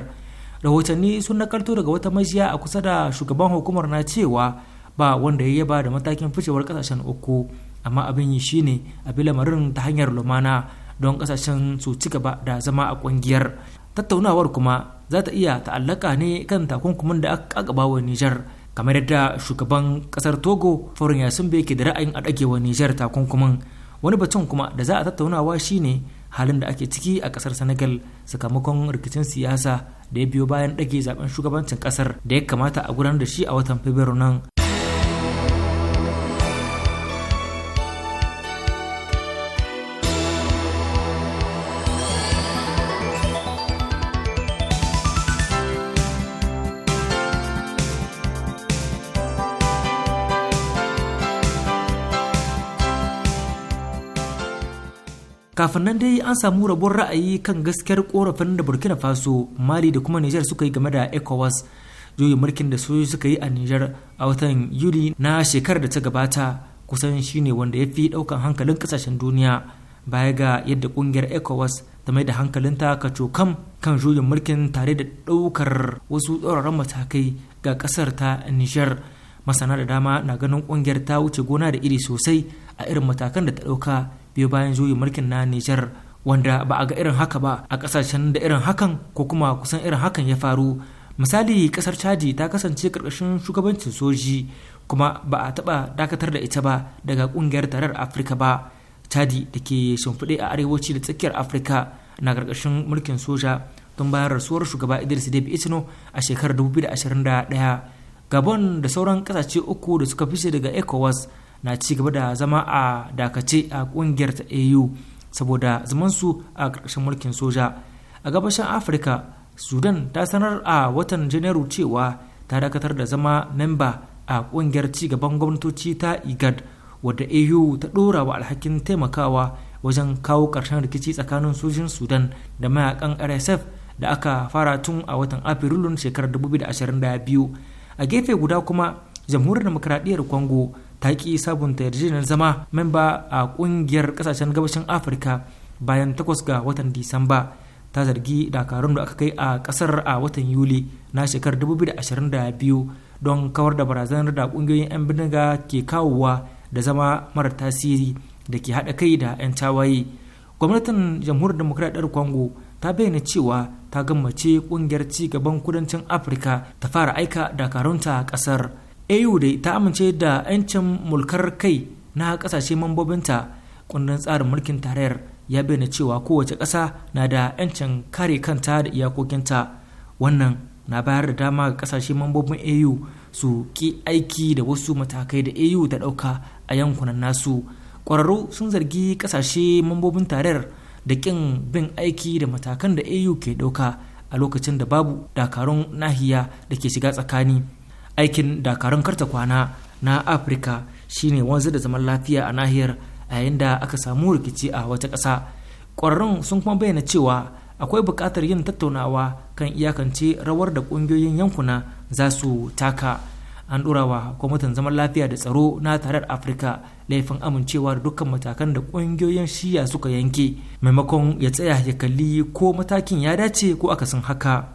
rahotanni sun karto daga wata majiya a kusa da shugaban hukumar na cewa ba wanda ya yaba da matakin ficewar kasashen uku amma abin yi shine a bi lamarin ta hanyar lumana don kasashen su ci gaba da zama a kungiyar tattaunawar kuma za ta iya ta'allaka ne kan takunkumin da aka gaba wa Nijar kamar yadda shugaban kasar Togo Forin Yasimbe ke da ra'ayin a dagewa Nijar takunkumin wani batun kuma da za a tattaunawa shine halin da ake ciki a kasar Senegal sakamakon rikicin siyasa da ya biyo bayan dage zaben shugabancin kasar da ya kamata a gudanar da shi a watan Fabrairu nan kafin nan dai an samu rabon ra'ayi kan gaskiyar korafin da burkina faso mali da kuma niger suka yi game da ecowas juyin mulkin da sojoji suka yi a niger a watan yuli na shekarar da ta gabata kusan shine wanda ya fi daukan hankalin kasashen duniya baya ga yadda kungiyar ecowas ta mai da hankalinta ka cokam kan juyin mulkin tare da daukar wasu tsoron matakai ga kasar ta niger masana da dama na ganin kungiyar ta wuce gona da iri sosai a irin matakan da ta dauka biyo bayan juyin mulkin na Nijar wanda ba a ga irin haka ba a kasashen da irin hakan ko kuma kusan irin hakan ya faru misali kasar chadi ta kasance karkashin shugabancin soji kuma ba a taba dakatar da ita ba daga kungiyar tarar afirka ba chadi da ke shimfiɗe a arewaci da tsakiyar afirka na karkashin mulkin soja tun bayan rasuwar shugaba idris debi itno a shekarar 2021 gabon da sauran kasashe uku da suka fice daga ecowas na ci gaba da zama a dakace a kungiyar ta au saboda zaman su a ƙarshen mulkin soja a gabashin afirka sudan ta sanar a watan janairu cewa ta dakatar da zama memba a kungiyar ci gaban gwamnatoci ta igad wadda au ta ɗora wa alhakin taimakawa wajen kawo ƙarshen rikici tsakanin sojin sudan da mayakan rsf da aka fara tun a watan afrilun shekarar 2022 a gefe guda kuma jamhuriyar demokradiyyar congo ta sabunta yarjejeniyar zama memba a ƙungiyar ƙasashen gabashin afirka bayan takwas ga watan disamba ta zargi dakarun da aka kai a ƙasar a watan yuli na shekarar 2022 don kawar da barazanar da ƙungiyoyin 'yan bindiga ke kawowa da zama mara tasiri da ke haɗa kai da 'yan tawaye gwamnatin jamhuriyar demokradiyyar kwango ta bayyana cewa ta gammace ƙungiyar ci gaban kudancin afirka ta fara aika dakarunta ƙasar au da ta amince da 'yancin mulkar kai na kasashe mambobinta kundin tsarin mulkin tarayyar ya bayyana cewa kowace ƙasa na da 'yancin kare kanta da iyakokinta wannan na bayar da dama ga kasashe mambobin au su ki aiki da wasu matakai da au ta ɗauka a yankunan nasu ƙwararru sun zargi kasashe mambobin tarayyar da ƙin bin aiki da matakan da au ke ɗauka a lokacin da babu dakarun nahiya da ke shiga tsakani aikin dakarun karta kwana na afirka shine wanzu da zaman lafiya a nahiyar a yayin da aka samu rikici a wata ƙasa ƙwararrun sun kuma bayyana cewa akwai buƙatar yin tattaunawa kan iyakance rawar da ƙungiyoyin yankuna za su taka an ɗorawa kwamitin zaman lafiya da tsaro na tarar afirka laifin amincewa da dukkan matakan da ƙungiyoyin shiya suka yanke maimakon ya tsaya ya kalli ko matakin ya dace ko akasin haka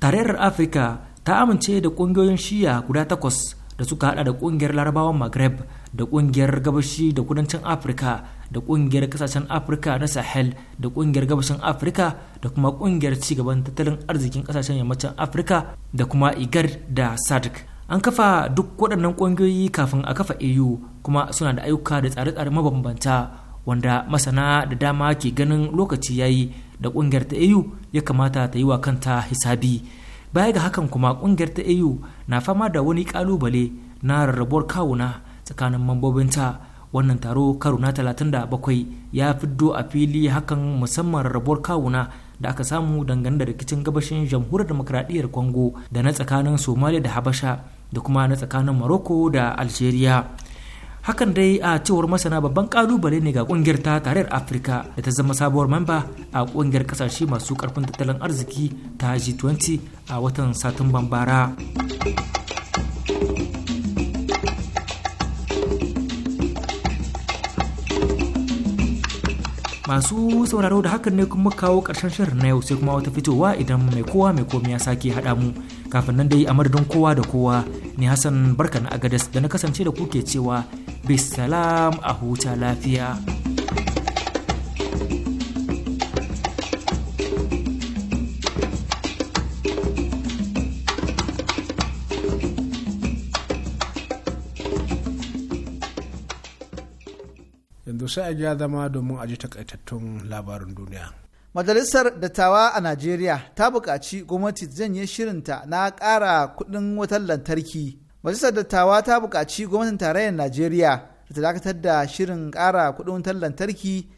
tarayyar afirka ta amince da kungiyoyin shiya guda takwas da suka hada da kungiyar larabawan maghreb da kungiyar gabashi da kudancin afirka da kungiyar kasashen afirka na sahel da kungiyar gabashin afirka da kuma kungiyar cigaban tattalin arzikin kasashen yammacin afirka da kuma igar da sadc an kafa duk waɗannan kungiyoyi kafin a kafa au kuma suna da ayyuka da tsare-tsare mabambanta wanda masana da dama ke ganin lokaci yayi da kungiyar ta au ya kamata ta yi wa kanta hisabi baya ga hakan kuma kungiyar ta au na fama da wani kalubale na rarrabuwar kawuna tsakanin mambobinta wannan taro karo na 37 ya fiddo a fili hakan musamman rarrabuwar kawuna da aka samu dangane da rikicin gabashin jamhuriyar demokradiyyar congo da na tsakanin somalia da habasha da kuma na tsakanin morocco da algeria hakan dai a cewar masana babban kalubale ne ga kungiyar ta tarayyar afirka da ta zama sabuwar mamba a kungiyar kasashe masu karfin tattalin arziki ta g20 a watan satumban bara masu sauraro da hakan ne kuma kawo karshen shirin na yau sai kuma wata fitowa idan mai kowa mai komi ya sake haɗa mu kafin nan dai a madadin kowa da kowa ne hassan barka na agadas da na kasance da kuke cewa bisalam a huta lafiya. yanzu sai a ja zama domin aji takaitattun labarin duniya. Majalisar Dattawa a Najeriya ta buƙaci gwamnati janye shirinta na ƙara kuɗin wutar lantarki majalisar dattawa ta buƙaci gwamnatin tarayyar najeriya da ta dakatar da shirin ƙara kuɗin wutar lantarki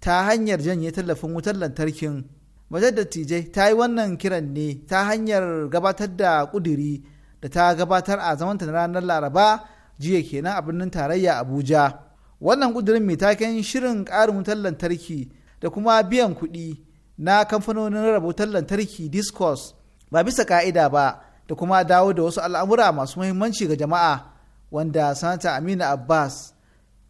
ta hanyar janye tallafin wutar lantarkin majalisar dattijai ta yi wannan kiran ne ta hanyar gabatar da ƙudiri da ta gabatar a zamanta na ranar laraba jiya kenan a birnin tarayya abuja wannan ƙudirin mai taken shirin ƙarin wutar lantarki da kuma biyan kuɗi na kamfanonin rarraba wutar lantarki discos ba bisa ka'ida ba da kuma dawo da wasu al'amura masu muhimmanci ga jama'a wanda sanata amina abbas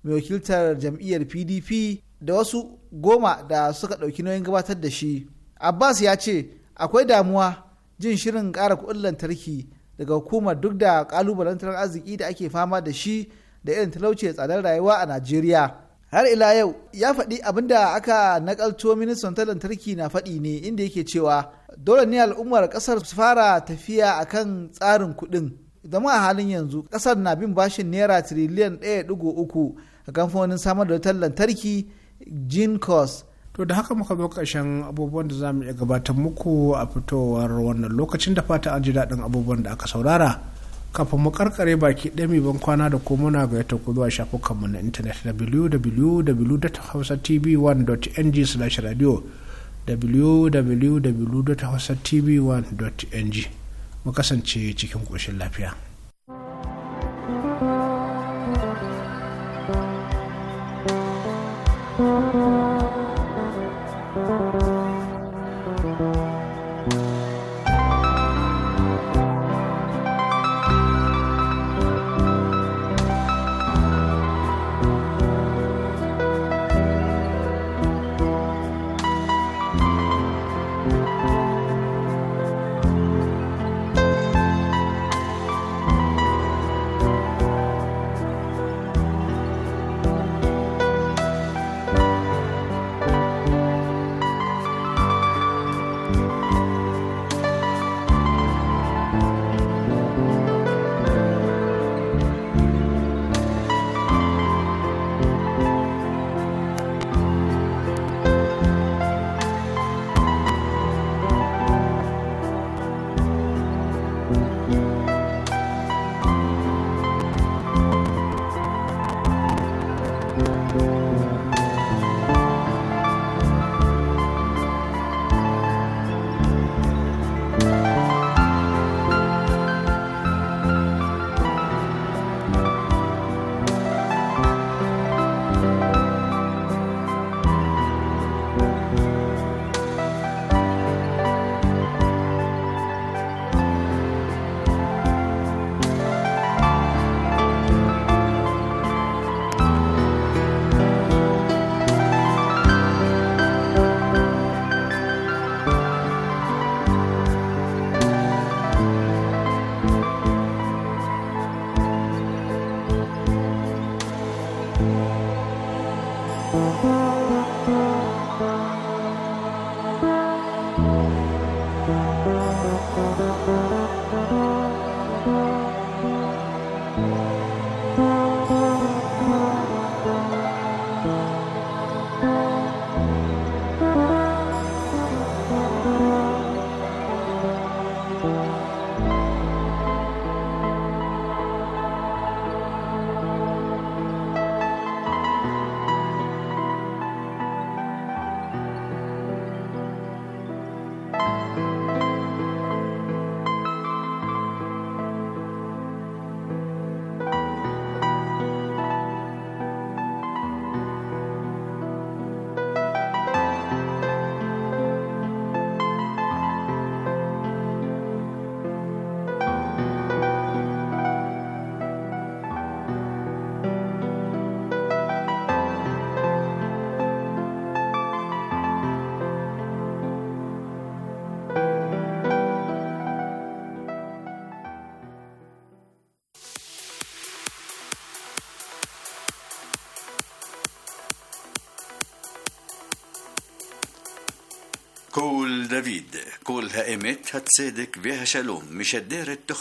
mai wakiltar jam'iyyar pdp da wasu goma da suka ɗauki nauyin gabatar da shi abbas ya ce akwai damuwa jin shirin ƙara kuɗin lantarki daga hukumar duk da ƙalubalen tattalin arziki da ake fama da shi da irin talauci da tsadar rayuwa a najeriya har ila yau ya faɗi abinda aka nakalto ministan ta lantarki na faɗi ne inda yake cewa dole ne al'ummar ƙasar su fara tafiya a kan tsarin kuɗin zama a halin yanzu ƙasar na bin bashin naira tiriliyan 1.3 a kamfanin samar da wutar lantarki gincos to da haka muka zo ƙarshen abubuwan da za mu iya gabatar muku a fitowar wannan lokacin da fata an ji daɗin abubuwan da aka saurara kafin mu karkare baki ɗaya mai ban kwana da kuma muna ga ku zuwa shafukanmu na intanet www.hausatv1.ng slash radio www.hausatv1.ng mu kasance cikin ƙoshin lafiya. דוד, קול האמת, הצדק והשלום, משדרת תוכנית